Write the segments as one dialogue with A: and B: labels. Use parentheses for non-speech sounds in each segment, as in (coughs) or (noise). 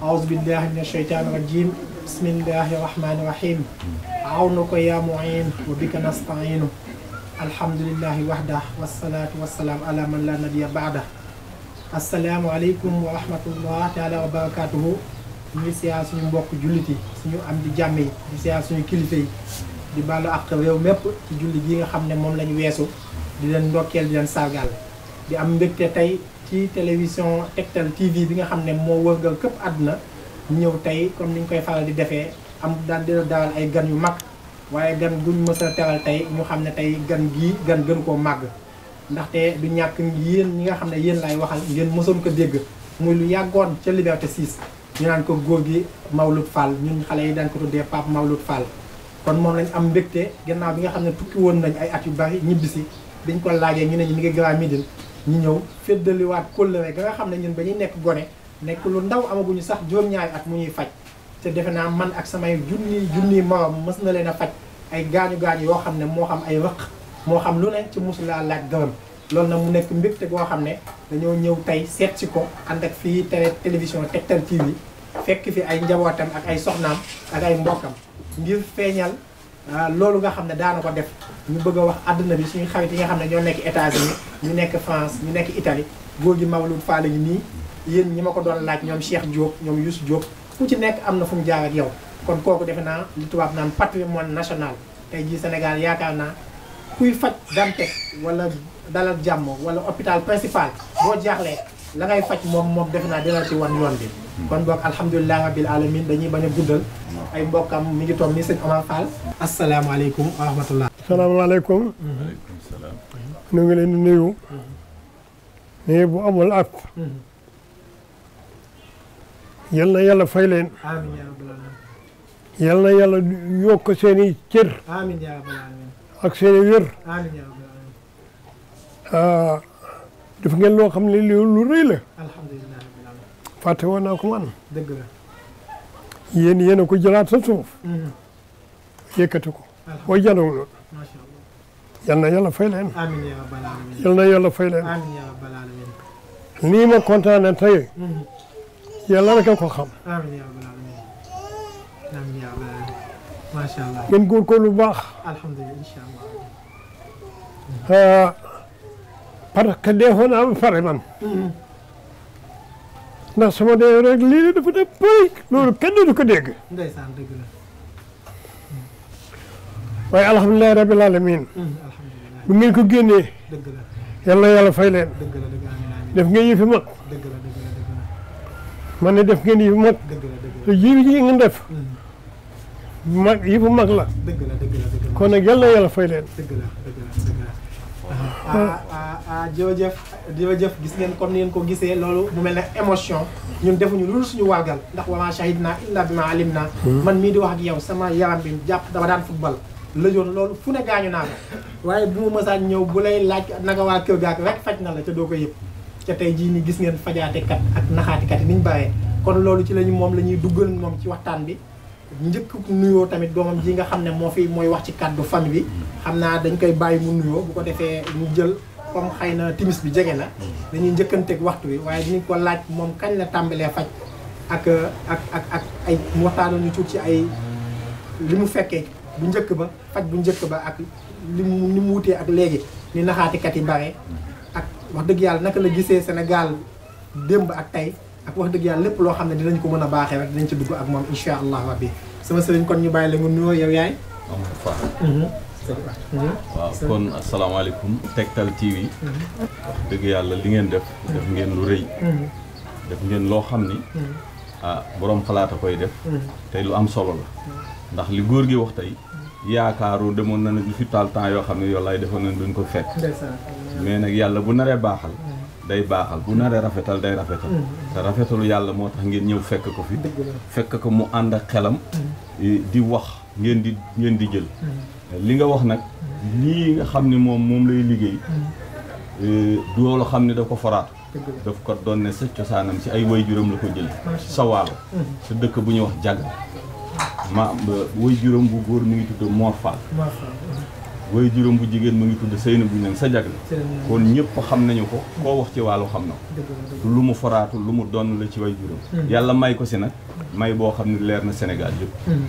A: aus billahi min asheytaani bismillahi rahmani rahim aw na ko yaa muin wa bika nastainu alhamdulillahi wahda wasalaatu wasalaam ala man la nabiya baada asalaamu aleykum wa rahmatullah taala wa barakatuhu ñuy siyaar suñu mbokk jullit yi suñu am di jàmm yi di siyaar suñu kilifa yi di baalu ak réew mépp ci julli gi nga xam ne moom lañu weesu di leen ndokkeel di leen sargal di am mbégte tey ci télévision Tektal TV bi nga xam ne moo wërgal këpp àdduna ñëw tey kon ni ñu koy faral di defee am daan dina dalal ay gan yu mag waaye gan guñ mës a teral tey ñu xam ne tey gan gii gan gën koo màgg ndaxte bi ñàkk yéen ñi nga xam ne yéen laay waxal ngeen mësoon ko dégg muy lu yàggoon ca Liberté 6 ñu naan ko góor gi Mawlud ñu ñun xale yi daan ko tuddee Pape Mawlud faal kon moom lañ am mbégte gannaaw bi nga xam ne tukki woon nañ ay at yu bari ñibbisi biñ ko laajee ñu ne ñu ngi Grand ñu ñëw féddaliwaat kóllëre ga nga xam ne ñun ba ñuy nekk gone nekk lu ndaw amaguñu sax jóom ñaari at mu ñuy faj te defe naa man ak samay junni junni morom mës na leen a faj ay gaañu gaañu yoo xam ne moo xam ay rëq moo xam lu ne ci mosulaa laaj dërëm loolu nag mu nekk mbégte goo xam ne dañoo ñëw tey seet si ko ànd ak fii télé télévision Tektal TV fekk fi ay njabootam ak ay soxnaam ak ay mbokkam ngir feeñal Ah, loolu nga xam ne daana ko def ñu bëgg a wax àdduna bi suñu xarit yi nga xam ne ñoo nekk États-Unis ñu nekk France ñu nekk itali góor gi Mawlud Fall yi nii yéen ñi ma ko doon laaj ñoom Cheikh Diop ñoom Youssou Diop ku ci nekk am na fu mu jaar ak yow kon kooku defe naa li tubaab naan patrimoine national tey jii Sénégal yaakaar naa kuy faj Dantec wala dalal jàmm wala hôpital principal boo jaaxlee la ngay faj moom moom defe naa dina ci wan yoon bi kon boog alhamdulilah rabbil alamin dañuy bañ a guddal ay mbokkam mi ngi toog ni sëñ Omar Fall asalaamaaleykum wa
B: rahmatullah ngi leen di nuyu nuyu bu amul ak yal na yàlla fay leen yal na yàlla yokk seen i cër ak seen i wér def ngeen loo xam ne loolu lu rëy la. fàtte woon naa ko man.
A: dëgg la.
B: yéen a ko jëlaat sa suuf. Mhm. yëkkati ko.
A: booy jàllale loolu. macha allah.
B: yal na yàlla fay leen.
A: amiin yaa rabbal aalamiin. yal na yàlla fay leen. amiin yaa rabbal aalamiin.
B: nii ma kontaanee tey. Mhm. yàlla rek a ko xam.
A: amiin yaa rabbal aalamiin. baax. alhamdulilah
B: parce que dee foo naa am pare man ndax sama dee rek lii dafa def bëri loolu kenn du ko dégg
A: ndeysaan dëgg la
B: waaye alhamdulilahi alamin mm, bu ngeen ko génnee
A: dëgg
B: la yal na def ngeen yëfi mag dëgg man ne def ngeen yëfi mag te jiw ji ngeen mm. mag la dëgg la dëgg la nag yal na yàlla fay leen dëgg la Ah, ah,
A: ah, ah jërëjëf jërëjëf gis ngeen kon ni ngeen ko gisee loolu mu mel ne émotion ñun defuñu lu dul suñu waagal ndax wama shahid naa illa na alim naa hmm. man mii di wax ak yow sama yaram bi jàpp dama daan football lëjoon loolu fu ne gaañu naa ko waaye bu ma mësaan ñëw bu lay laaj naka waa kër gaak rek faj na la ca doo ko yëpp ca tey jii ni gis ngeen fajaatekat ak naxaatekat yi ni ñu bàyyee kon loolu ci lañu moom la ñuy duggal moom ci waxtaan bi njëkk nuyoo tamit doomam ji nga xam ne moo fi mooy wax ci kàddu famille bi xam naa dañ koy bàyyi mu nuyoo bu ko defee ñu jël comme xëy na timis bi jege na dañuy njëkkanteeg waxtu wi waaye dinañ ko laaj moom kañ la tàmbalee faj ak ak ak ak ay ci ay li mu fekkee bu njëkk ba faj bu njëkk ba ak li mu ni mu wutee ak léegi ni naxaatikat yi bare ak wax dëgg yàlla naka la gisee senegal démb ak tey ak wax dëgg yàlla lépp loo xam ne dinañ ko mën a baaxee rek dinañ ci dugg ak moom incha allah rabbi sama sëriñ kon ñu bàyyi la nga nuyoo yow mhm.
C: waaw kon asalaamaaleykum Tektal TV. Mhm. wax dëgg yàlla li ngeen def. Mhm. def ngeen lu rëy. def ngeen loo xam ni. ah borom xalaat a koy def. tey lu am solo la. ndax li góor gi wax tey. yaakaaru demoon na nag lu fi taal temps yoo xam ne yow laay defoon nañ duñ ko fekk. mais nag yàlla bu naree baaxal. day baaxal bu naree rafetal day rafetal mm-hmm. te rafetalu yàlla moo tax ngeen ñëw fekk ko fi fekk ko mu ànd ak xelam mm-hmm. eh, di wax ngeen di ngeen di jël
D: mm-hmm.
C: li nga wax nag lii nga xam ne moom moom lay liggéey eh, doolu xam ne daf ko faraatu daf ko doon ne sa cosaanam si ay juróom la ko jël sa waalo sa dëkk bu ñuy wax jàgg ma waajuram bu góor mi ngi tudd Mor Fall way juróom bu jigéen mu ngi tudd Seyna bu ñu sa jag la kon ñëpp xam nañu ko koo wax ci wàllu xam na ko lu mu foraatu lu mu donn la ci way juróom hmm. yàlla may ko si nag may boo xam ne leer na Sénégal yëpp hmm.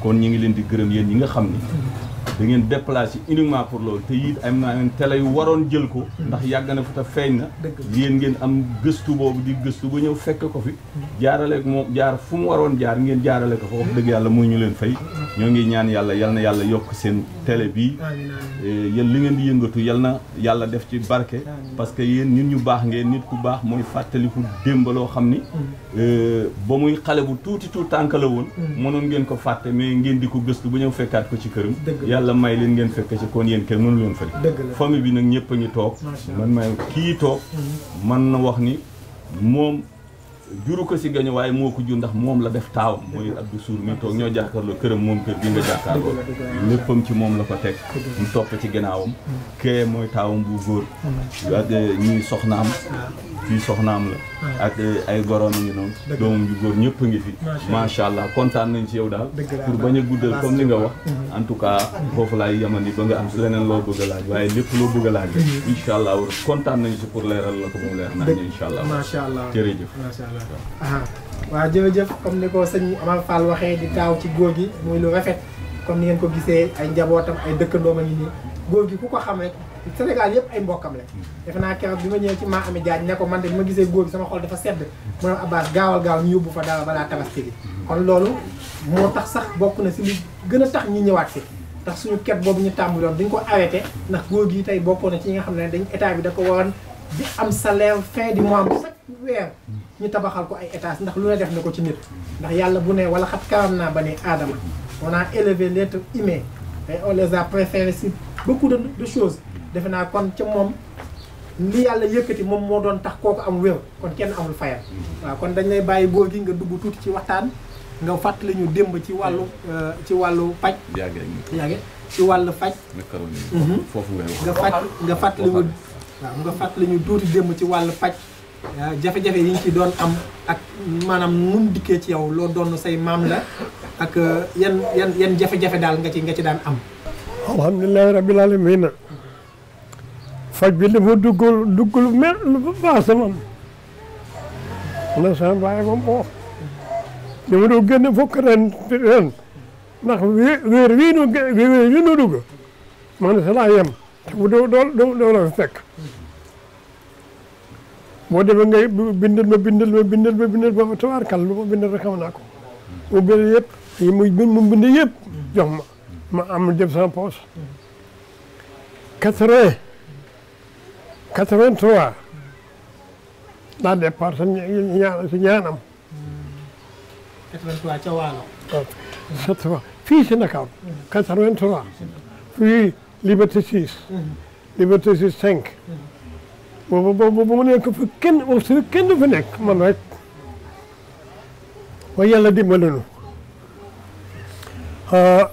C: kon ñi ngi leen di gërëm yéen ñi nga xam ni hmm. di ngeen déplacé uniquement pour loolu te it am naa yu waroon jël ko ndax yàgg na fi te feeñ na yéen ngeen am gëstu boobu di gëstu ba ñëw fekk ko fi jaarale moom jaar fu mu waroon jaar ngeen jaarale ko fa dëgg yàlla muy ñu leen fay ñoo ngi ñaan yàlla yal na yàlla yokk seen télé bii eh, yéen li ngeen di yëngatu yal na yàlla def ci barke parce que yéen nit ñu baax ngeen nit ku baax mooy fàttaliku démb loo xam ni mm. eh, ba muy xale bu tuuti tuut tànk la woon mm. mënoon ngeen ko fàtte mais ngeen di ko gëstu ba ñëw fekkaat ko ci këram la may leen ngeen fekk ci kon yéen kenn mënu leen fekk bi nag ñëpp a ngi toog man may kii toog mhm. man na wax ni moom juru ko si gañu waaye moo ko jur ndax moom la def taaw mooy Abdou Sour mi toog ñoo jàkkaarloo këram moom kër bi nga jàkkaarloo léppam ci moom la ko teg mu topp ci gannaawam mhm. kee mooy taawam bu góor mhm. ñuy soxnaam kii soxnaam la. ak euh, ay goroom a ngi noonu. doomam yu góor ñëpp a ngi fi. macha allah kontaan nañ ci yow daal. pour bañ a guddal comme li nga wax. Mm-hmm. en tout cas foofu laay yemandi ba nga am si leneen loo bëgg a laaj waaye lépp loo bëgg a laaj. Mm-hmm. incha allah kontaan nañ ci pour leeral la ko moom leer naa ñu incha allah. macha allah jërëjëf macha
A: allah. jëf comme ni ko sëñ Amar Fall waxee di taaw ci góor gi muy lu rafet comme ni ngeen ko gisee ay njabootam ay dëkkandoom a ngi nii góor gi ku ko xam Sénégal yëpp ay mbokkam la def naa keroog bi ma ñëwee ci maa ami Diagne ne ko man de bi ma gisee góor bi sama xol dafa sedd mu ne Abbas gaawal gaaw ñu yóbbu fa daaw balaa tabaski kon loolu moo tax sax bokk na si li gën a tax ñu ñëwaat si ndax suñu ket boobu ñu tàmbaloon dañ ko arrêté ndax góor gi tey bokkoon na ci ñi nga xam ne dañ état bi da ko waroon di am salaire fin du mois chaque weer ñu tabaxal ko ay étage ndax lu ne def na ko ci nit ndax yàlla bu ne wala xat karam naa ba ne aadama on a élevé l'être humain et on les a préférés si beaucoup de de choses defe naa kon ca moom li yàlla yëkkati moom moo doon tax kooku am wéew kon kenn amul fayal mm-hmm. waaw kon dañ lay bàyyi góor gi nga dugg tuuti ci waxtaan nga fàttali ñu démb ci wàllu ci wàllu paj
C: yàgge ci wàllu faj mm-hmm. foofu nga faj nga fàttali ñu
A: waaw nga ñu tuuti démb ci wàllu paj euh, jafe-jafe yi nga ci doon am ak maanaam mun dikkee ci yow loo doon say maam la ak euh, yan yan yan jafe-jafe daal nga ci nga ci daan am
B: alhamdulilahi rabbil alamin faj bi dafa duggul duggul mel lu baax sama na sama baay moom oo oh. li ma doon génn fukk ren ren weer wii nu weer man sa yem te bu doo doo doo boo demee ngay bindal ma bindal ma bindal ma bindal ba tabaarkal naa ko mu bind yëpp yi bind yëpp jox ma ma am def sama poos quatre 83 laa départ sa ñaan si ñaanam.
A: 83 ca Waalo.
B: waaw fii fii Liberté 6. Mm-hmm. Liberté 6 bu mu nekk fa kenn boobu kenn du fa nekk man rek. ba yàlla mm-hmm. ah,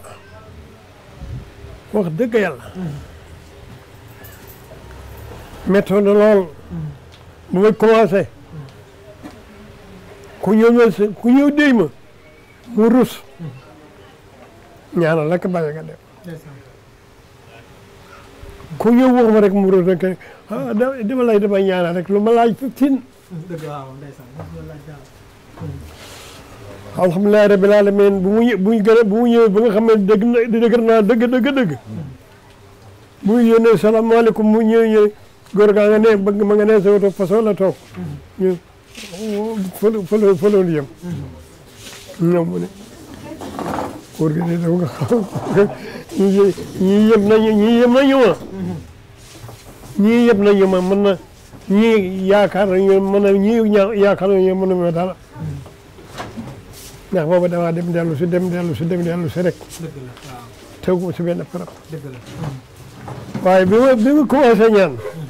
B: wax dëgg yàlla. Mm-hmm. méttoon na lool bu ku ñëw ñëw si ku ñëw déy ma mu rus ñaanal rek bàyyi ku ñëw wax ma mu rus rek ah dama lay damay ñaanal rek lu ma laaj tin
A: dëgg waaw ndeysaan
B: alhamdulilah rabbil bu mu bu mu bu nga xam ne dëgg na dëgg naa dëgg dëgg dëgg bu ñu yónnee mu ñëwee ñëwee góor gaa nga ne bëgg ma nga ne sa woto façon la toog ñu fële fële fële lu yem ñi mu ne góor gi ne daf nga xam (laughs) ñii yëpp nañu ñii yëpp nañu ma ñii yëpp mën na ñi yaakaar nañu mën na ñii yaakaar nañu mën na ma dara ndax booba dama dem dellu si dem dellu si dem dellu si rek tegu si benn parab waaye bi ma bi ma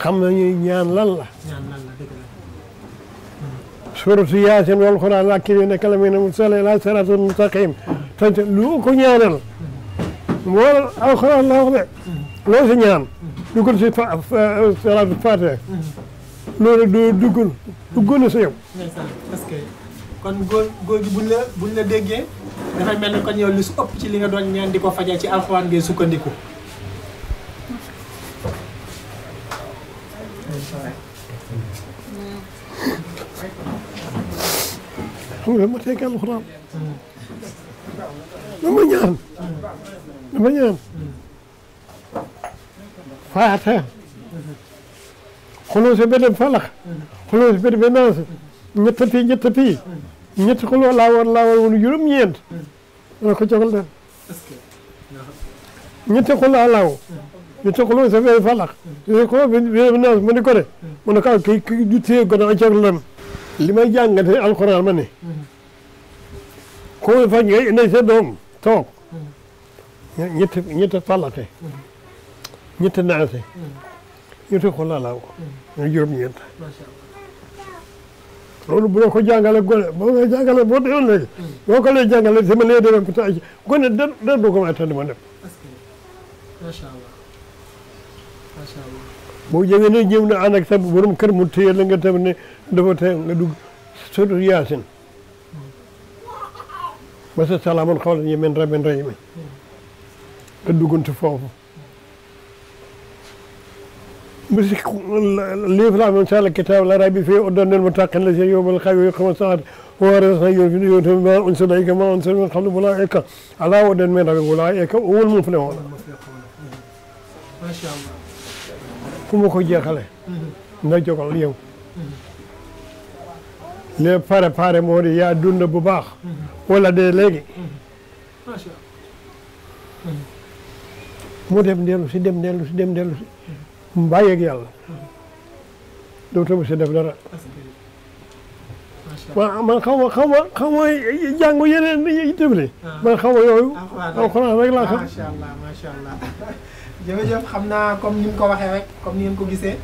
B: xam nañu ñaan lan la. ñaan lan la la. suratu wal qur'aan ak kii nekk la muy mu sale la siraatul mustaqim mm-hmm. te lu ko ñaanal. Mm-hmm. wala alxuraan la wax de. Mm-hmm. loo si ñaan. dugal si fa siraatul loolu doo dugal si yow.
A: kon góor góor gi buñ la déggee dafay mel ni kon yow li su ëpp ci li nga doon ñaan di ko fajal ci alxuraan ngay sukkandiku.
B: tuure ma teg alxuraan dama ñaan dama ñaan faata xuloo si bede falax xuloo si bede be naas ñetta pii ñetta pii ñetti xuloo laa war laa war woon juróom-ñeent dana ko jogal den ñetti xuloo laaw ñetti xuloo si bede falax ñetti xuloo be naas mu ne ko de mu ne ko ah, kii du téye gona a jogal dem lima may jàngate ma ne ku fañ ngay indi sa doom toog ñetti ñetti fàllate ñetti naase ñetti xulalaaw nga juróom ñeent loolu bu doo ko jàngale gone boo ko jàngale boo doon léegi boo ko lay jàngale sama nee ko ta gone da da ma dem macha boo jege ne jéem na ànd ak sa borom kër mu téye la nga tamit ne dafa tey nga dugg surtout yaasin ba sa salaamun xawlan min rabbin rahiim nga duggantu foofu misi liifra min sala kitaab la rabbi fii oddanen mo taqen la si yowmal xawi yoqama saat warasna yonfi ma unsila ika ma unsila min xablu ulaa'ika ala wadan min rabbin ulaa'ika umul muflihuun ma sha Allah fu ma ko jeexale na jogal yow les pare pare moo di yaa dund bu baax wala dee léegi mu dem dellu si dem dellu si dem dellu si mu bàyyeeg yàlla dootoo mu si def dara man xaw ma xaw ma xaw ma jàngu yeneen yi tëbli ah. man xaw ma yooyu ah, alxuraan rek laa xam
A: jërëjëf xam naa comme ni mu ko waxee rek comme ni ngeen ko gisee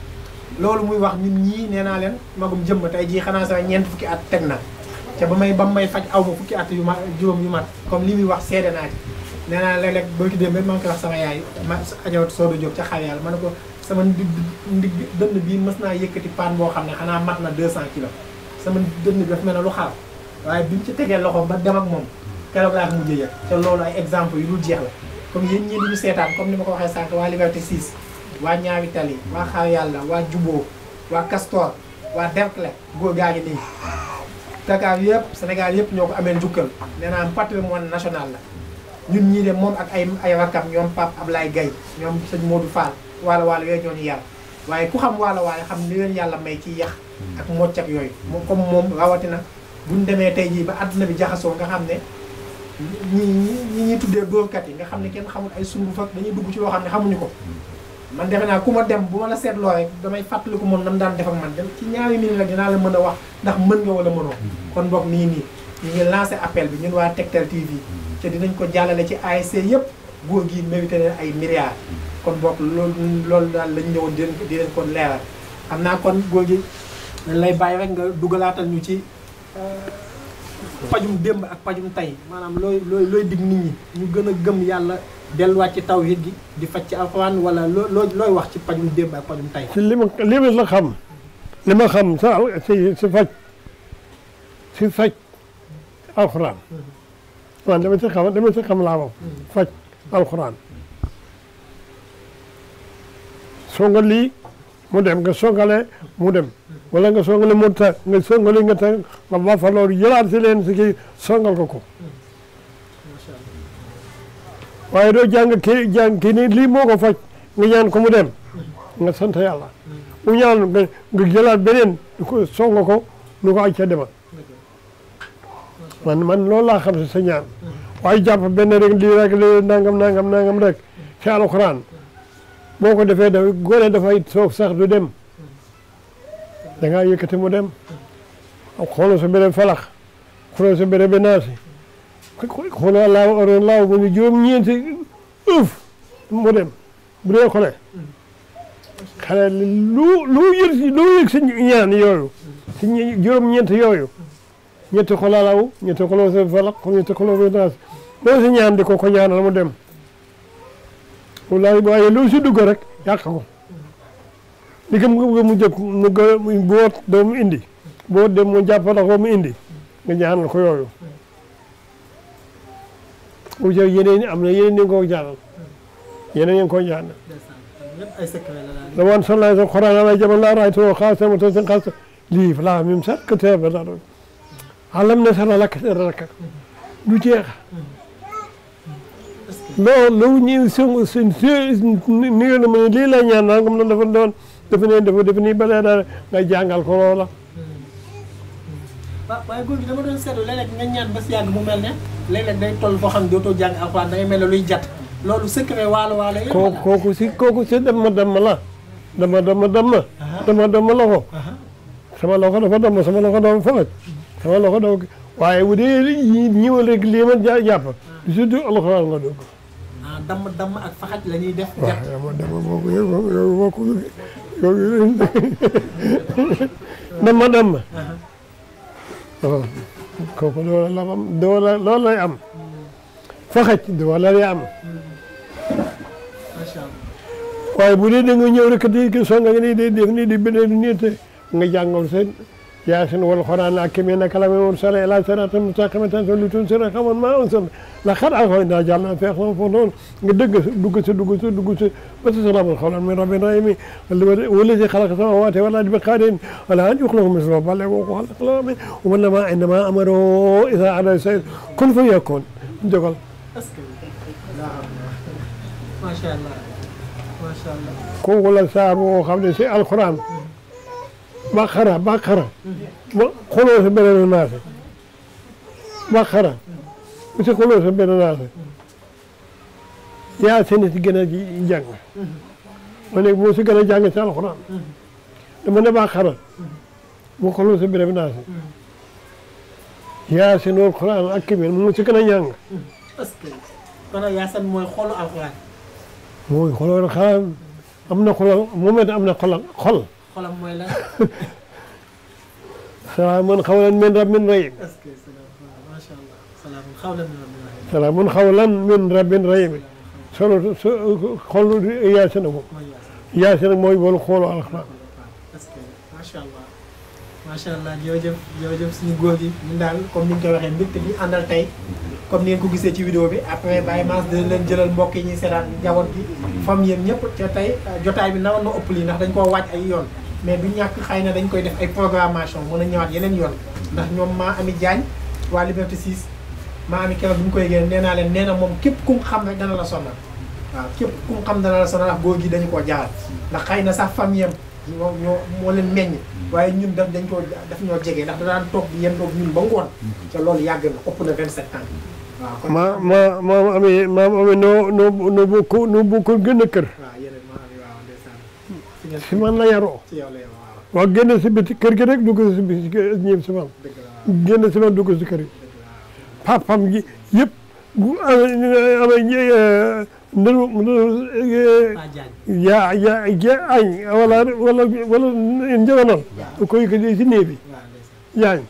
A: loolu muy wax nit ñii nee naa leen magum jëmm tey jii xanaa sax ñeent fukki at teg na te ba may ba may faj aw ma fukki at yu ma juróom yu mat comme li muy wax seede naa ci nee naa léeg-léeg boo ci demee maa ngi koy wax sama yaay ma ajawat ma ne ko sama ndig ndig dënn bii mës naa yëkkati paan boo xam ne xanaa mat na 200 kilos sama dënn bi daf mel ne lu xaal waaye bi mu ci tegee loxo ba dem ak moom keroog laa ko mujjee yëg loolu ay exemple yu lu jeex la comme yéen ñii duñu seetaan comme ni ma ko waxee sànq waa Liberté 6 waa ñaawi tali waa xaw yàlla waa juboo waa Castor waa Derklé góor gaa ngi nii Dakar yëpp Sénégal yëpp ñoo ko amee njukkal nee naa patrimoine national la ñun ñii de moom ak ay ay rakkam ñoom Pape Ablaye Gaye ñoom sëñ Modou Fall waalo waalo yooyu ñoo ñu yar waaye ku xam waalo waalo xam ni leen yàlla may ci yax ak moccak yooyu moom comme moom rawatina buñ demee tey jii ba àdduna bi jaxasoo nga xam ne ñi ñi ñuy tuddee kat yi nga xam ne kenn xamul ay sunguf ak dañuy dugg ci loo xam ne xamuñu ko man defe naa ku ma dem bu ma la seetloo rek damay fàttaliku moom mu daan def man dem ci ñaari minutes la dinaa la mën a wax ndax mën nga wala mënoo kon boog nii nii ñu ngi lancé appel bi ñun waa Tektal TV te dinañ ko jàllale ci ASC yëpp góor gi mérité ay milliards kon boog loolu loolu daal lañ ñëwoon di leen kon leeral xam naa kon góor gi dañ lay bàyyi rek nga dugalaatal ñu ci euh, pajum démb ak pajum tey maanaam looy looy looy dig nit ñi ñu gën a gëm yàlla delluwaat ci taw tawhid gi di faj ci alxuraan wala loo looy wax ci pajum démb ak pajum tey.
B: li ma li ma la xam li ma xam si faj si faj alxuraan waaw dama si xam dama si xam laa moom faj alxuraan songal lii mu dem nga songale mu dem. wala nga songale mu ta nga songale nga ta nga ba fa loolu jëlaat si leen si kii songal ko ko waaye doo jàng kii jàng kii nii lii moo ko faj nga ñaan ko mu dem nga sant yàlla mu ñaan nga nga jëlaat beneen ko songa ko nu ko acca man man loolu laa xam si sa ñaan waaye jàpp benn rek lii rek lii nangam nangam rek ci alxuraan boo ko defee daf góore dafay soof sax dem da ngaa yëkkati mu dem xooloo sa mbére falax xooloo sa mbére ba naasi xooloo laaw oro laaw bu ñu juróom-ñeenti ëf lu lu yëg lu yëg ñaan yooyu si juróom-ñeenti yooyu ñetti xolaa laaw ñetti xoloo sa falax ñetti xoloo ba naasi loolu si ñaan di ko ñaanal mu dem wallaahi waaye lu si dugg rek yàq ko li ko mu jëpp mu gë boot doo mu indi boot dem mu jàpp ko mu indi nga ñaanal ko yooyu bu jël am na yeneen ni ko ñaanal yeneen ngeen ko ñaanal la wan sallallahu alaihi qur'an ala jabal la ra'aytu khasam tasin khas li fala mim sat kataba la alam na sala lak raka du jeex loolu lu ñu sunu sunu ni nga mën lii la ñaan nangam la dafa doon dafa ne dafa def nii ba dara nga jàngal ko loola.
A: waaw nga ñaan ba si yàgg mu mel ne léeg-léeg day toll foo xam dootoo jàng alxuraan da ngay mel ne luy jat loolu secret waalo waalo yëpp la
B: kooku si kooku si dama dama la dama dama dama. dama dama loxo. sama loxo dafa dama loxo dafa waaye bu dee ñëwal rek lii man jaa jàpp nga dugg.
A: dama ah, dama ak faxat la def. jàpp waaw
B: dama yooyu damma damma waaw loola la am loola loolu lay am faxaj loola lay am waaye bu dee da nga ñëw rek di songa nga nii day def nii di beneen nii te nga jàngoon seen ياسين والقرآن الحكيم إنك لمرسل إلى صراط مستقيم تنزل لتنزل قوما ما أنزل لقد أغوينا جعلنا في أخوان فرعون دق دق دق دق وتسرب الخلق من رب الرحيم والذي خلق السماوات والأرض بقدر ولا أن يخلق مثله بل هو خلق وإنما إنما أمره إذا أراد شيء كن فيكون جوكل
A: ما شاء الله ما شاء الله
B: كوكولا سار وخمسة القرآن baqara baqara xoloo sa beneen naase baqara si xoloo naase yaa seen si gën a jàng si gën a jàng si alxuraan dama ne baqara bu xoloo sa beneen naase yaa seen wal xuraan ak kibir mu si gën a jàng
A: parce que kon yaa seen mooy xolu alxuraan
B: mooy xolu am na xolo moom it am na xolal xol xolam mooy lan. (laughs) salaamun xawlan min rabbin rahim.
A: est-ce que macha allah.
B: salaamun xawlan min rabbin rahim. salaamun xawlan min rabbin rahim. solo xol yaasi na ko. yaasi na mooy boolu xoolu alxuraan.
A: est-ce que macha allah macha allah jërëjëf jërëjëf suñu góor gi ñun daal comme ni nga ko waxee mbégte bi àndal tey. comme ni ngeen ko gisee ci vidéo bi après Baye Mass dina leen jëlal mbokk yi ñuy seetaan njaboot gi. ñëpp tey jotaay bi nawoon na ëpp lii ndax dañ koo waaj ay yoon. mais du ñàkk xëy na dañ koy def ay programmation mën a ñëwaat yeneen yoon ndax ñoom maa ami Diagne waa Liberté 6 maa ami keroog bi mu koy génn nee naa leen nee na moom képp ku xam rek dana la sonal waaw képp ku mu xam dana la sonal ndax góor gi dañu koo jaaral ndax xëy na sax famille am ñoo ñoo moo leen meññ waaye ñun daf dañ koo daf ñoo jege ndax danaan toog bi yéen toog ñun ba ngoon te loolu yàgg na ëpp na 27 ans waaw kon
B: maam maam ami maam ami noo noo gën a kër si man la yaroo waaw génn si biti kër gi rek si biti ñëw si man génn si man dugg si kër papam gi yëpp bu amee ndanu añ wala wala wala njaganal ko si néeg bi yaañ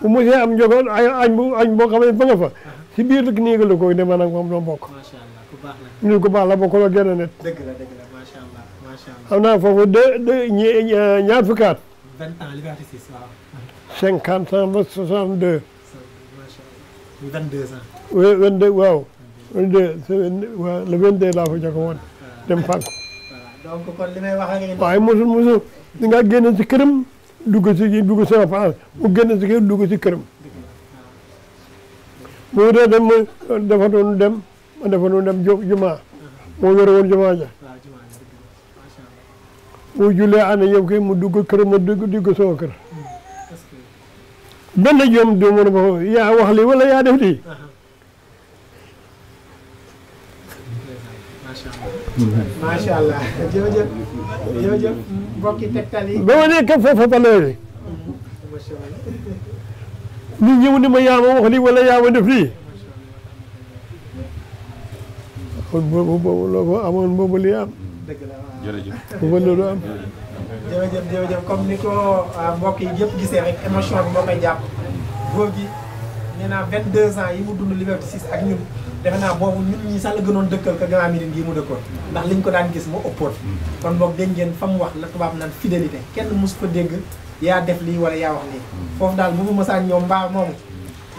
B: bu mosee am njogoon añ bu añ boo xam ne ba nga fa si biir néeg la koy ne maanaam moom doo ko baax la bokkul ak genn xam naa foofu deux deux ñaar fukki at.
A: vingt ans Liberté 6 waaw.
B: cinquante ans ba soixante deux. vingt deux ans. fa jokk woon ah. dem fànk. Ah,
A: donc kon li may wax ak yéen.
B: waaye nga génn ci këram dugg ci dugg sama place mu génn ci këram dugg ci këram. mu wutee dem dafa doon dem ma dafa doon dem jumaa ah. moo yore woon jumaa ja boo jullee ana yow mu dugg kër ma dugg dugg sama kër benn jom du yaa wax wala yaa def ba ma nekk foofa ba ni ma ma wax lii wala yaa ma def lii kon
A: jërëjëf bu ba loolu am. jërëjëf jërëjëf comme ni ko euh, mbokk yi yëpp gisee rek émotion bi moo koy jàpp góor gi nee naa 22 ans yi mu dund Liberté 6 ak ñun defe naa boobu ñun ñi sax la gënoon dëkkal ko Grand Médine gii mu dëkkoon ndax liñ ko daan gis moo ëppoon. kon boog dégg ngeen fa mu wax la tubaab naan fidélité kenn mus ko dégg yaa def lii wala yaa wax lii foofu daal bu mu mësaan ñoom mbaa moomu.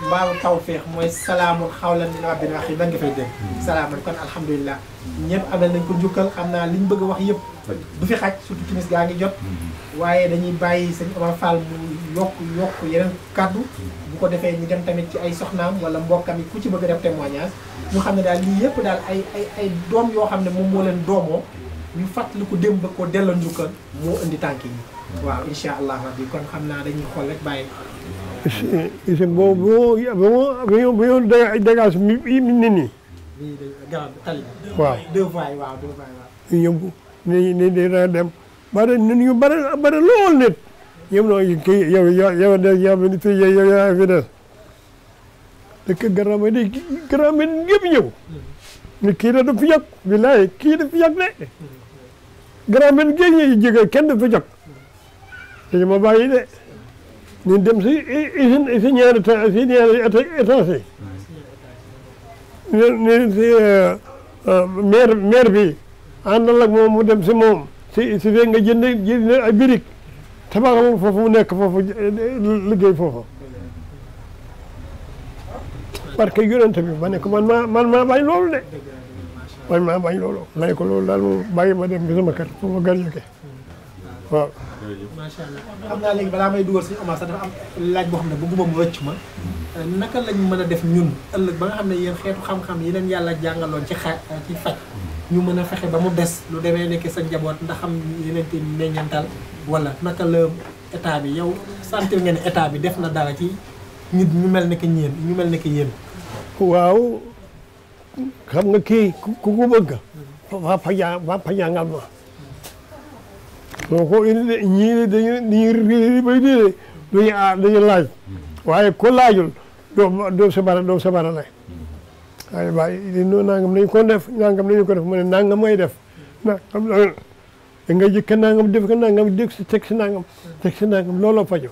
A: mbaalu tawféex mooy salaamul xawlan min wax rahiim lan nga fay dégg. Hmm. salaamun kon alhamdulilah. ñëpp amel nañ ko njukkal xam naa liñ bëgg a wax yëpp. du fi xaj surtout gaa ngi jot. Hmm. waaye dañuy bàyyi sëñ Omar Fall yokk yokk yeneen kàddu. Hmm. bu ko defee ñu dem tamit ci ay soxnaam wala mbokkam yi ku ci bëgg a def témoignage. ñu xam ne daal lii yëpp daal ay ay ay doom yoo xam ne moom moo leen doomoo. ñu fàttali ko démb ko delloo njukkal. moo indi tànk yi. waaw incha allah rabbi kon xam naa dañuy xool rek bàyyi.
B: isin boo boo boo boo dégage mi nit ñi.
A: waaw. deux fois waaw deux fois
B: waaw. yóbbu ni ni dina dem ba de nit ñu bare bare lool nit. yow noo kii yow yow yow de yow mi te yow yow yaa fi des. dëkk garab yi de garab yi ñëpp ñëw. Mm-hmm. ni kii da du fi yàq bilaay kii da fi yàq de. Mm-hmm. garab yi géej yi jege kenn du fi yàq. Mm-hmm. dañu ma bàyyi de. ñu dem si usine si ñaari ta si ñaari étage yi ñu si eh, eh, maire maire bi àndal ak moom mu dem si moom si si fee nga jënd jënd ay birig tabaxal foofu mu nekk foofu liggéey foofu parce que yonente bi ma ne ko man maa man maa bañ loolu de man maa bañ loolu ma ne ko loolu daal moom bàyyi ma dem bi sama kër sama gar jóge waaw
A: macha allah xam naa léegi balaa may dugal suñu Omar sax dafa am laaj boo xam ne bëgguma mu rëcc ma naka lañ mën a def ñun ëllëg ba nga xam ne yéen xeetu xam-xam yi leen yàlla jàngaloon ci xa ci faj ñu mën a fexe ba mu des lu demee nekk sa njaboot ndax xam yeneen ti meññantal wala naka la état bi yow sentir nga état bi def na dara ci nit ñu mel ne que ñeen ñu mel ne que yéen
B: waaw xam nga kii ku ko bëgg
A: fa fa fa jàngal ma
B: soo ko indi de ñii dañuy dañuy bay déedéet laaj waaye ko laajul doo doo sabara doo sabara la waaye waaye li noo nangam dañu ko def nangam dañu ko def mu ne nangam ngay def nangam da nga jëkk nangam def ko nangam dégg si teg si nangam teg si nangam looloo fajo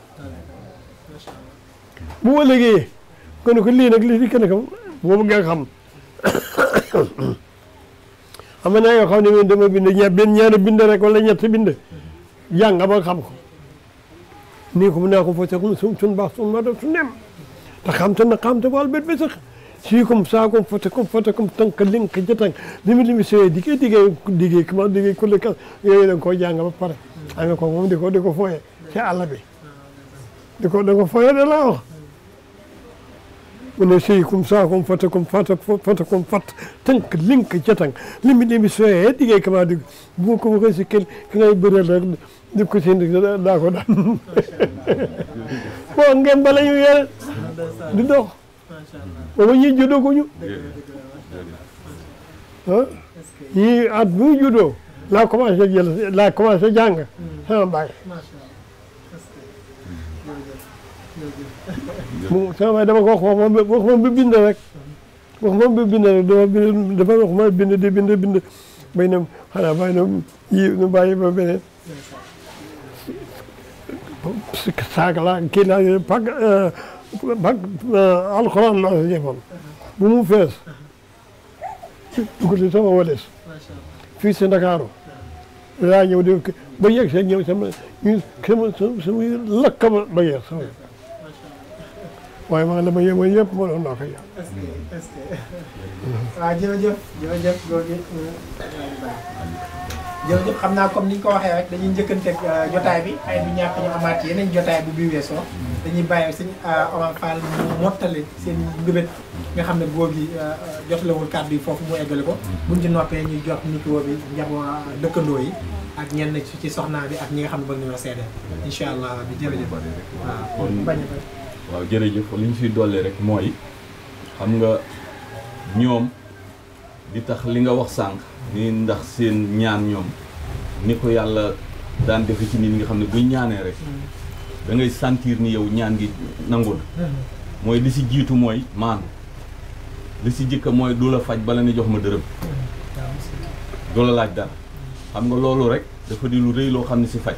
B: bu ma liggéeyee kon ko lii nag lii di kenn kam boobu nga (coughs) am na yoo xam ne man dama bind ña benn ñaari bind rek wala ñetti bind jàng ba xam ko nii ko mu naa ko fotakum sum sun baax sun ma def su nem te xam te na xam te wal bet besax sii comme ça comme fotakum fotakum tànk link jatang limi limi soye digee digee digee comment digee kulle kan yooyu da nga koo ba pare amee ko moom di ko di ko fooye ci àll bi di ko da ko fooye da la wona seykum sakom fata kom fata fata kom fat tank linka jatan limi ɗimi soya heɗɗi gay dig bo komo koy si kel kanay ɓerela ɗi ko sindi ɗako ɗa bon ngem mbalañu yere du dox omo ñi juɗo koñu
D: yi at mu juɗo
B: la commencé jël la commencé jàng sama moom sama baay dama ko wax wax moom wax moom ba bind rek wax moom ba bind rek dama bind dafa wax ma bind di bind bind bay ne xanaa bay ne yi nu bàyyi ba beneen saak laa kii laa pag pag alxuraan laa si jëfoon bu mu fees dugal si sama walees fii si Ndakaaru laa ñëw di ba yegg see ñëw sama ñu sama sama lakk ma ba yeex sama waaye man la ma yëngu yëpp ma doon naa ko yàq.
A: est ce que est ce que (laughs) waaw jërëjëf jërëjëf loolu euh, jërëjëf xam naa comme ni ñu ko waxee rek dañuy njëkkanteeg euh, jotaay bi ay du ñàkk ñu amaat yeneen jotaay bu bii weesoo. dañuy bàyyi sëñ euh, Omar Fall mu mottale seen mbébét nga xam ne góor gi jotalewul kàddu yi foofu mu eggale ko. buñ ci noppee ñuy jot micro bi njaboo dëkkandoo yi. ak ñenn ci soxnaa bi ak ñi nga xam ne bëgg nañoo seede. incha allah bi jërëjëf waaw
C: bañ a waaw jërëjëf li ñu fiy dolli rek mooy xam nga ñoom di tax li nga wax sànq ni ndax seen ñaan ñoom ni ko yàlla daan defe ci nii ñi nga xam ne buñ ñaanee rek da ngay sentir ni yow ñaan gi nangu na mooy li si jiitu mooy maanu li si jëkka mooy du la faj bala ni jox ma dërëm du la laaj dara xam nga loolu rek dafa di lu rëy loo xam ne si faj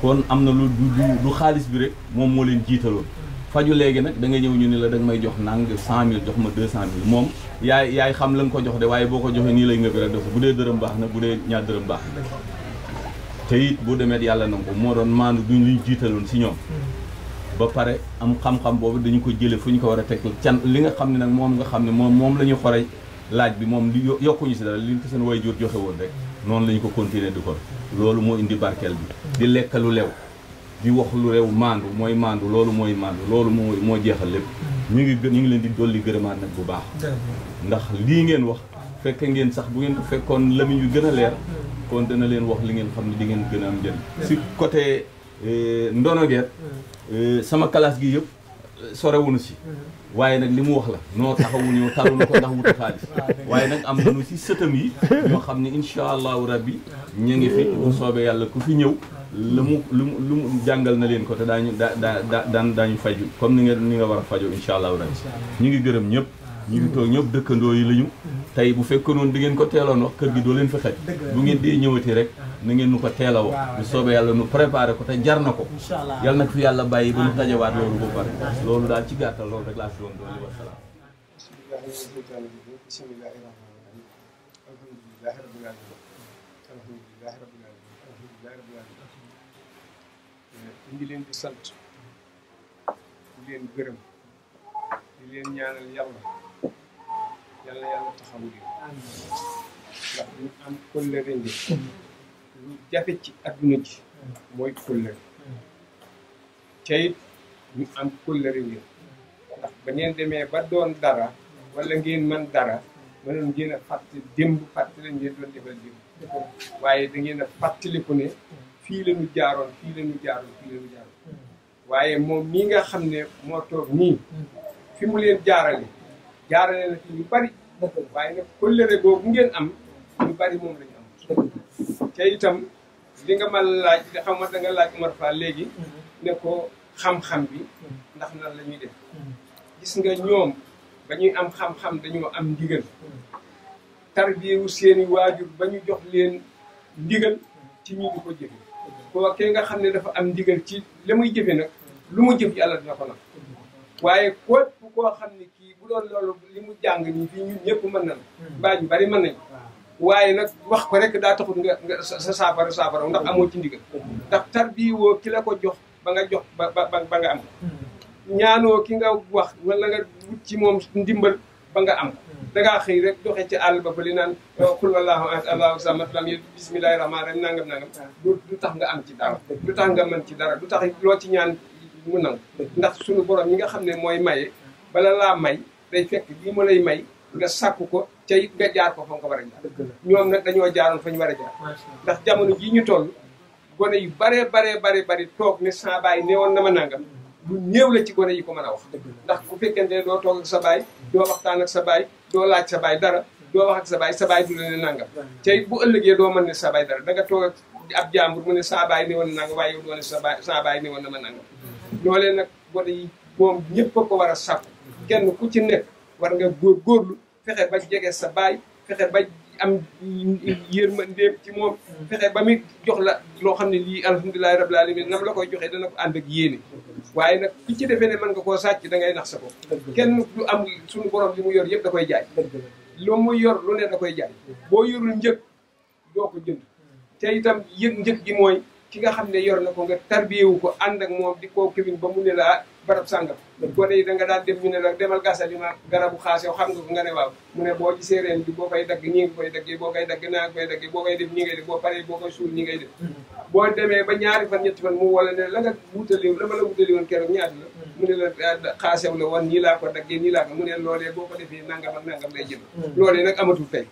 C: kon am na lu du du xaalis bi rek moom moo leen jiitaloon faju léegi nag da nga ñëw ñu ni la da may jox nang cent mille jox ma deux cent mille moom yaay yaay xam lañ ko jox de waaye boo ko joxee nii lay nga bi rek def bu dee dërëm baax na bu dee ñaar dërëm baax na te it bu demet yàlla na ko moo doon maandu duñ luñ jiitaloon si ñoom ba pare am xam-xam boobu dañu ko jële fu ñu ko war a teg can li nga xam ne nag moom nga xam ne moom moom la ñu xore laaj bi moom li yokkuñu si dara li ko seen way jur joxe woon rek noonu la ko continuer du ko loolu moo indi barkeel bi di lekk lu di wax lu réew maandu mooy maandu loolu mooy maandu loolu moo moo jeexal lépp mm. ñu ngi ñu ngi leen di dolli gërëmaat nag bu baax ndax lii ngeen wax fekke ngeen sax bu ngeen ko fekkoon lamiñ yu gën a leer mm. kon dana leen wax li ngeen xam ne di ngeen gën a am njëriñ si côté euh, ndono geet mm. euh, sama classe gi yëpp euh, sorewuñu si waaye nag li mu wax la noo taxawu ñëw na ko ndax wuta xaalis (laughs) waaye nag am nañu si sëtam yi (laughs) ñoo xam ne incha allahu rabbi ñu ngi fi bu soobee yàlla ku fi ñëw lu mu lu mu lu mu jàngal na leen ko te daañu daa daa daan daañu comme ni nga ni nga war a faju incha allahu rabi ñu ngi gërëm ñëpp ñu ngi toog ñëpp dëkkandoo yi lañu tey bu fekkoon di ngeen ko teeloon wax kër gi doo leen fi xaj bu ngeen dee ñëwati rek na ngeen nu ko teelaw a wax bu soobee yàlla nu préparé ko te jar na ko yàlla nag fi yàlla bàyyi ba nu tajawaat loolu ba pare loolu daal ci gàttal loolu rek laa fi doon doon li wasalaam
E: bismillahi ñu ngi leen di sant di leen gërëm di leen ñaanal yàlla yàlla yàlla taxawu ndax ñu am kóllëre ni lu jafe ci adduna ji mooy kóllëre te it ñu am kóllëre ngeen ndax ba ngeen demee ba doon dara wala ngeen mën dara mënoon ngeen a fàttali démb fàttali ngeen doon defal démb waaye da ngeen a fàttaliku ne fii la ñu jaaroon fii la jaaroon fii la jaaroon waaye moom mii nga xam ne moo toog nii fi mu leen jaarale jaarale na fi ñu bari waaye ngeen am ñu bari moom ma laaj li xam laaj Omar Fall léegi ne ko xam-xam bi ndax nan la ñuy def gis nga ñoom ba ñuy am xam-xam dañoo am ndigal tarbiyewu seeni waajur ba ñu jox leen ndigal ci ñu di ko jëfe koo kee nga xam ne dafa am ndigal ci li muy jëfe nag lu mu jëf yàlla dina ko waaye koo koo xam ne kii bu doon loolu li mu jàng nii fii ñun ñëpp mën na la hmm. bari mën nañ waaye nag wax ko rek daa taxul nga sa saafara saafara ndax amoo ci ndigal hmm. ndax tarbiwoo woo kila ko jox ba nga jox ba ba nga am hmm. ñaanoo ki nga wax wala nga wut ci moom ndimbal ba nga am hmm. daga xëy rek doxee ci àll ba ba li naan xul oh, wallaahu ahad allahu samad lam yalid bismillahi rahmaani rahim nangam nangam hmm. du tax nga am ci dara du tax nga mën ci dara du tax loo ci ñaan mu nangu ndax suñu borom yi nga xam ne mooy maye bala laa may day fekk lii mu lay may nga sàkku ko ca it nga jaar ko fa nga war a dañoo jaaroon fa ñu war a jaar ndax jamono jii ñu toll gone yu baree baree bare bari toog ne saa ne woon na ma nàngam lu néew la ci gone yi ko man a wax ndax bu fekkente ne doo toog ak sa baay doo waxtaan ak sa baay doo laaj sa baay dara doo wax ak sa baay sa baay du la ne nangam tey bu ëllëgee doo mën ne sa baay dara danga toog ak ab jàmbur mu ne sa baay ne woon na nangam waaye yow doo ne sa baay sa baay ne woon na ma nangam mm-hmm. nag gone yi moom ñëpp a ko war a sàkku kenn ku ci nekk war nga góor góorlu fexe ba jege sa baay fexe ba am ma yërmandeem ci moom mm-hmm. fexe ba muy jox la loo xam ne lii alhamdulilahi rabbil alamin nam la koy joxee dana ko ànd ak waaye nag fi ci defee ne mën nga koo sàcc da ngay nax sa bopp kenn du am suñu borom li mu yor yëpp da koy jaay lu mu yor lu ne da koy jaay boo yorul njëg doo ko jënd hmm. te itam yëg njëg gi mooy ki nga xam ne yor na ko nga tarbiyewu ko ànd ak moom di koo kiwin ba mu ne la barab sàngam gone yi da nga daan dem ñu ne la demal gasali ma garabu xaas xam nga ko nga ne waaw mu ne boo gisee reen bi boo koy dagg ñi ngi koy daggee boo koy dagg naa ngi koy boo koy def ñi ngay def boo paree boo koy suul ñi mm-hmm. ñaari fan ñetti fan mu wala ne la nga wutali la ma la wutali woon keroog ñaata la mm-hmm. mu ne la ah, xaasew la woon nii laa ko daggee nii laa ko mu ne loolee boo ko defee nangam ak nangam lay jëm mm-hmm. loolee nag amatul tey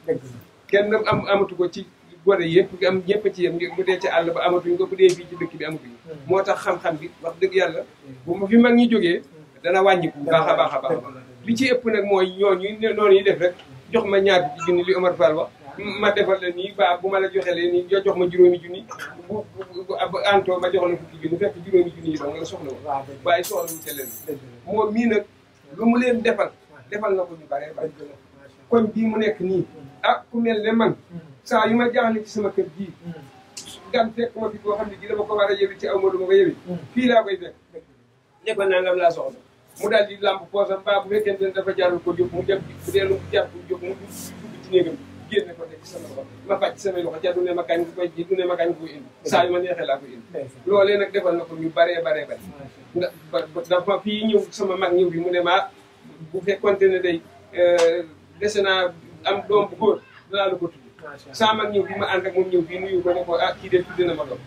E: kenn am amatu ko ci gone yëpp am ñëpp ci yem bu dee ci àll ba amatuñ ko bu dee fii ci dëkk bi amatuñ hmm. moo tax xam-xam bi wax dëgg yàlla bu ma fi mag ñi jógee dana wàññiku baax a baax a baax li ci ëpp nag mooy noonu ñu def rek jox ma ñaar ci junni li Omar Fall wax ma defal la nii ba bu ma la joxee lee nii jox ma juróomi junni bu bu antoo ma jox la fukki junni fekk juróomi junni yi dong la soxla woon waaye soxla wuñ ca leen moom mii nag lu mu leen defal defal na ko ñu bare bare koñ bii mu nekk nii ah ku mel saa yu ma jaaxle ci sama kër gii gan fekk ma fi boo xam ne gi dama ko war a yewi ci aw ma lu ma ko yewi hmm. fii laa koy fekk ne ko nangam laa soxla mu daal di làmb poosam mbaa bu fekkente ne dafa jaarul ko jóg mu dem bu dee lu mu jaar ko jóg mu dugg ci néegam génne ko teg ci sama loxo ma fàcc sama loxo ca du ne ma kañ koy ji du ne ma kañ koy indi saa yu ma neexee laa koy indi loolee nag defal na ko ñu baree baree bari ndax dafa fii ñëw sama mag ñëw bi mu ne ma bu fekkonte ne day euh, dese naa am doom bu góor danaa la ko tudd saa mag ñëw bi ma ànd ak moom ñëw bii nuyu ko ah kii de tudd na ma doom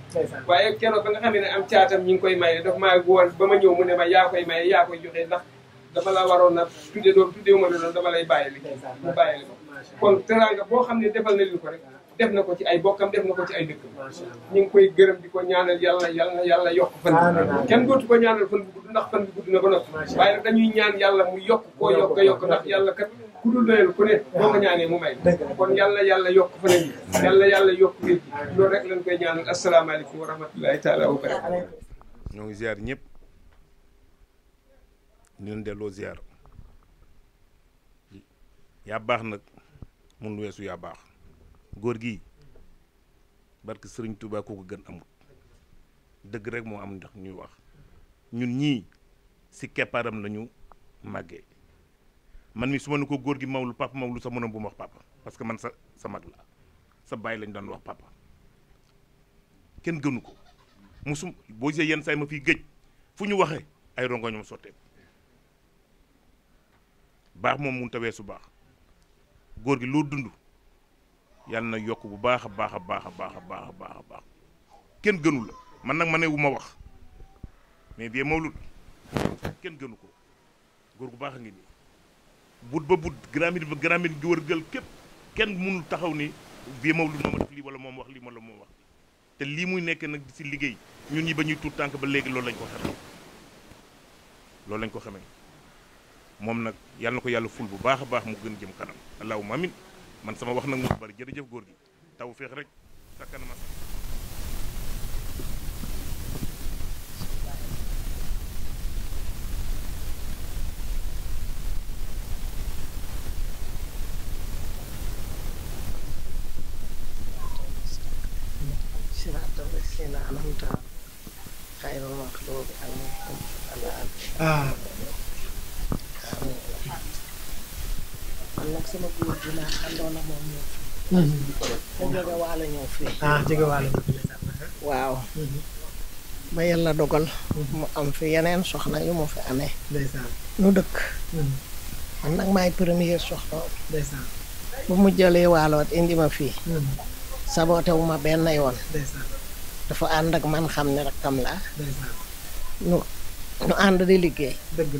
E: waaye keroog ba nga xam ne am caatam ñi koy maye daf ba ma ñëw ne ma la waroon na tudde doom tuddee ma doon lay bàyyi ko kon teraanga boo xam ne defal na li ko rek def na ko ci ay bokkam def na ko ci ay dëkkam ñu ngi koy gërëm di ko ñaanal yàlla yàlla yàlla yokk fan kenn dootu ko ñaanal fan bu gudd ndax fan bu gudd na ba noppi waaye nag dañuy ñaan yàlla mu yokk koo yokk yokk ndax yàlla kat ku dul doyal ku ne boo ko ñaanee mu may kon yàlla yàlla yokk fa nañu yàlla yàlla yokk wér gi koy ñaanal asalaamaaleykum wa rahmatullahi taala wa barakatu
F: ngi ziar ñëpp ñu leen delloo ziar yaa baax nag mun weesu yaa baax góor gi barke sëriñ Touba kooku gën amut dëgg rek moo am ndax ñuy wax ñun ñii ci keppaaram lañu màggee man mi su ma ne ko góor gi mawlu papa mawlu sa mënoon bu ma wax papa parce que man sa sa mag la sa bàyyi lañ doon wax papa kenn gënu ko su boo gisee yenn saay ma fiy géej fu ñu waxee ay rongoñam sotteeku baax moom mun tawee su baax góor gi loo dund yàlla na yokk bu baax a baax a baax a baax a baax a baax a baax kenn gënu la man nag ma ne wu ma wax mais bi bien mawlud kenn gënu ko góor gu baax a ngi nii but ba but grammaire ba grammaire gi wërgal képp kenn mënul taxaw ni bii Maodo moom def lii wala moom wax lii wala moom wax te lii muy nekk nag di si liggéey ñun ñi ba ñuy tuur tànk ba léegi loolu lañ ko xamee loolu lañ ko xamee moom nag yàlla na ko yàlla ful bu baax a baax mu gën jëm kanam allahumma amin man sama wax nag mu bari jërëjëf góor gi taw feex rek sa ma
G: jóge waalo ñëw fii ah, waaw mm-hmm. ba yàlla dogal mu am fi yeneen soxna yu mu fi amee nu dëkk mm-hmm. man nag maay premier soxna bu mu jëlee waaloot indi ma fii mm-hmm. saboote wu ma benn yoon dafa ànd ak man xam ne rek tam laa nu nu ànd di liggéey dëgg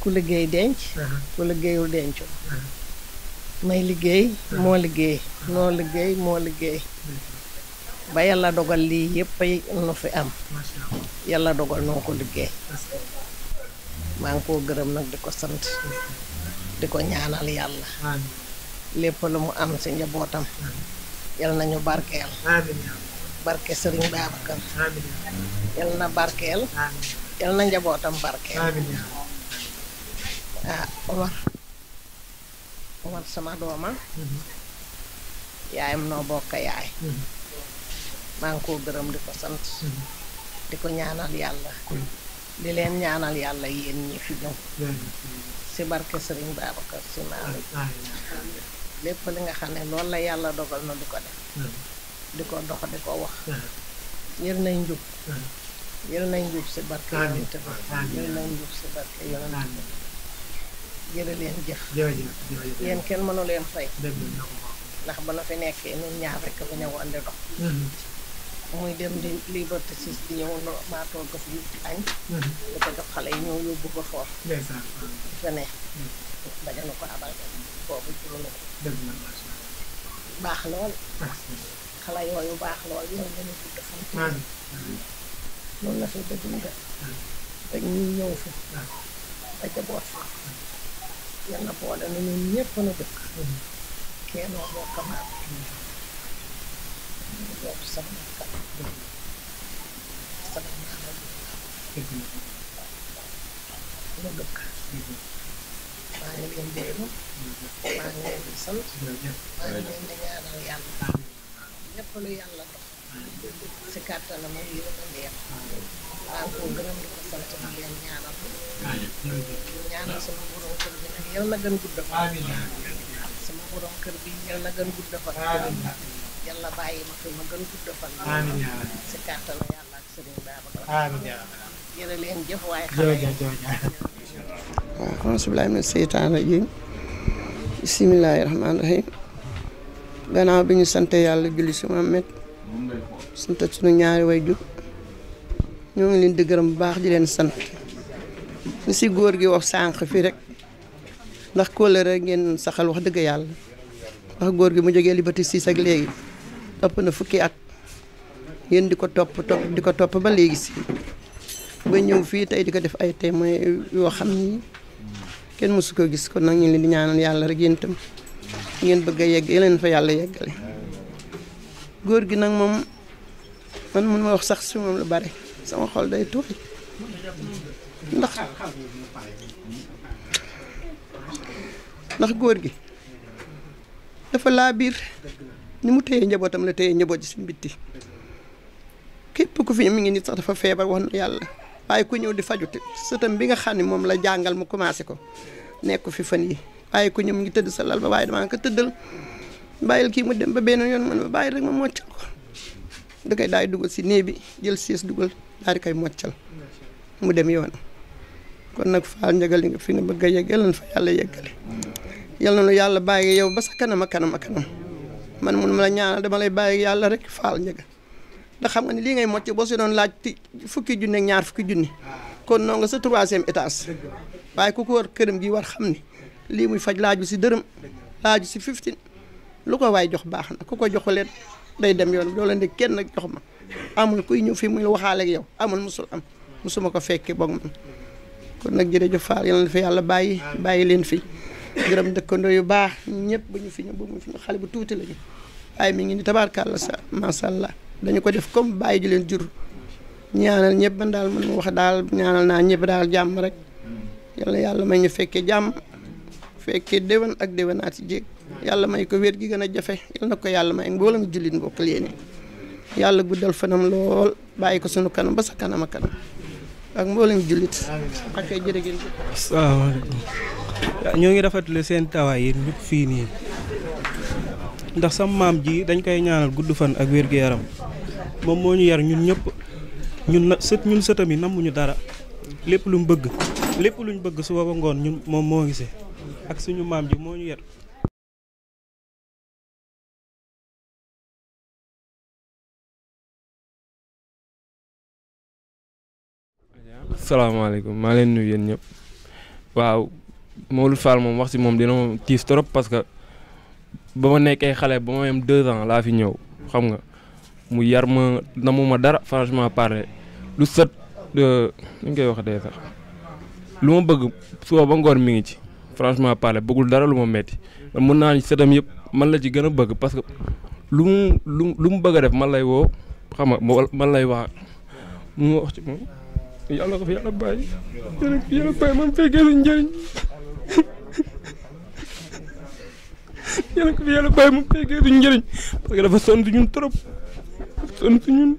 G: ku liggéey denc uh-huh. ku liggéeyul dencu uh-huh. may liggéey moo liggéey noo liggéey moo liggéey ba yàlla dogal lii yëpp nu fi am yàlla dogal noo ko liggéey maa ngi ko gërëm nag di ko sant di ko ñaanal yàlla lépp lu mu am ci njabootam yal nañu barkeel barke sëriñ Babacar yal na barkeel yal na njabootam barkeel ah Omar man sama doomam mm-hmm. yaayam noo bokk yaay
D: mm-hmm.
G: maa ngi koo gërëm di ko sant mm-hmm. di ko ñaanal yàlla di leen ñaanal yàlla yéen ñi fi ñëw si barke sëriñ Babacar si maalo lépp li nga xam ne loolu la yàlla dogal na di ko def di ko dox di ko wax yër nañ njub yër nañ njub si barke yonent bi yër nañ njub si barke yonent bi jërë leen jëf jërëjëf kenn mënu leen fay ndax ba na fi nekkee ñun ñaar rek ba ñëwoon di dox mm-hmm. muy dem di liberté sis di ñëw maa togg fi añ mm-hmm. di ko jox xale yi ñëw yóbbu ko foofu dafa ne dajanu ko abal boobu juróomi baax lool xale yooyu baax lool yow dana gudd fan loolu la fi dëgg nga dañuy ñëw fi dajaboot fi yàlla boole na ñun ñëpp na dëkk keenoo bokk maam boobu sama maam
C: sama di yëngu maa ngi leen
G: maa ngi leen di ñaanal yàlla lépp lu yàlla dox si kàttanam ak yërmandeem waaw koo sant yàlla ma fi
D: ma
G: leen waaye xale yi
H: waaw asubilaahi min seytaan rajim bisimilahi rahmaani gannaaw bi ñu sante yàlla julli si Muhammad sant suñu ñaari way jur ñoo ngi leen di gërëm bu baax di leen sant li si góor gi wax sànq fii rek ndax rek ngeen saxal wax dëgg yàlla ndax góor gi mu jógee Liberté 6 ak léegi ëpp na fukki at ngeen di ko topp di ko topp ba léegi si ba ñëw fii tey di ko def ay témoin yoo xam ni kenn mësu ko gis kon nag ñu leen di ñaanal yàlla rek yéen itam ngeen bëgg a yegg yeneen fa yàlla yeggale góor gi nag moom man mun ma wax sax si moom lu bare sama xol day tuuxi ndax ndax góor gi dafa laa biir ni mu téye njabootam la téye njaboot ji si mbitti képp ku fi mu ngi nit sax dafa feebar wax na yàlla waaye ku ñëw di fajuti sëtam bi nga xam ni moom la jàngal mu commencé ko nekk fi fan yi waaye ku ñëw mi ngi tëdd sa lal ba waaye damaa ko tëddal bàyyil kii mu dem ba benn yoon man ma bàyyi rek ma moccal ko da kay daay dugal si néeg bi jël siis dugal daal di moccal mu dem yoon kon nag faal njagal li nga fi a yegg yàlla na fa yàlla na yàlla bàyyi yow ba sa kanam man mun ma la dama lay bàyyi yàlla rek faal ndax xam nga ni lii ngay mocc boo si doon laaj fukki junne ñaar fukki junni kon noo nga sa troisième étage waaye ku ko war këram gi war xam ni lii muy faj laaju si dërëm laaju si fifteen lu ko waay jox baax na ku ko leen day dem yoon doo leen di kenn jox ma amul kuy ñëw fii muy waxaale ak yow amul musul am musuma ko fekkee boog man kon nag jërëjëf Fall yal na yàlla bàyyi bàyyi leen fi gërëm dëkkandoo yu baax ñëpp bu ñu fi ñëw bu mu fi ñëw xale bu tuuti lañu waaye mi ni tabaarkàlla sa macha allah dañu ko def comme bàyyi ji leen jur ñaanal ñëpp man daal man mu wax daal ñaanal naa ñëpp daal jàmm rek yàlla yàlla may ñu fekkee jàmm fekkee déwén ak déwénaat ci jéeg yàlla may ko wér gi gën a jafe yal na ko yàlla may mboolem jullit mbokk yéene yàlla guddal fanam lool bàyyi ko sunu kanam ba sa kanam a kanam ak mboolem jullit
A: ñoo ngi rafetlu seen tawaay yi ñëpp fii nii ndax sama maam ji dañ koy ñaanal gudd fan ak wér gi yaram moom moo ñu yar ñun ñëpp ñun na sët ñun sëtam dara lépp lu mu bëgg lépp luñ bëgg suba ba ngoon ñun moom moo gisee ak suñu maam ji moo ñu yar
E: salaamaaleykum maa leen nuyu yéen ñëpp waaw Mawlud Fall moom wax si moom dina moom tiis trop parce que ba ma nekkee xale ba ma am deux ans laa fi ñëw xam nga mu yar ma namu dara franchement parler lu sët euh, nu ñu koy waxatee sax lu ma bëgg suba ba ngoon mi ngi ci franchement parler bëggul dara lu ma metti man mën naa sëtam yëpp man la ci gën a bëgg parce que lu mu lu lu mu bëgg a def man lay woo xam nga man lay wax mu wax ci moom
B: yàlla ko fi yàlla bàyyi yàlla bàyyi fekkee lu
E: njëriñ yàlla dafa sonn ñun trop sonn ñun.